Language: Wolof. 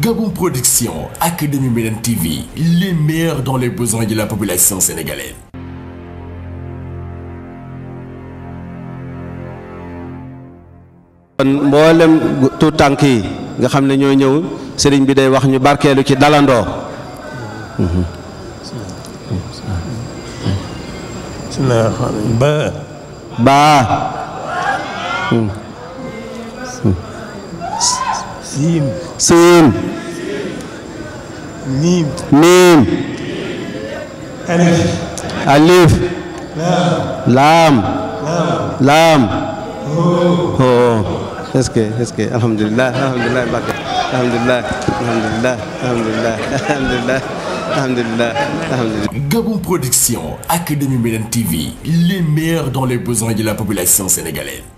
Gabon Production, Académie Médène TV, les meilleurs dans mboolem tu tànk yi nga xam ne ñoo ñëw sëriñ bi day wax ñu barkeelu ci dalandoo. baa. baa. سين سين ميم ميم ألف ألف لام لام لام هو est-ce que est-ce que alhamdulilah alhamdulilah Mbacke alhamdulilah alhamdulilah alhamdulilah alhamdulilah alhamdulilah alhamdulilah. Gabon Production Académie Médine TV les meilleurs dans les besoins de la population sénégalaise.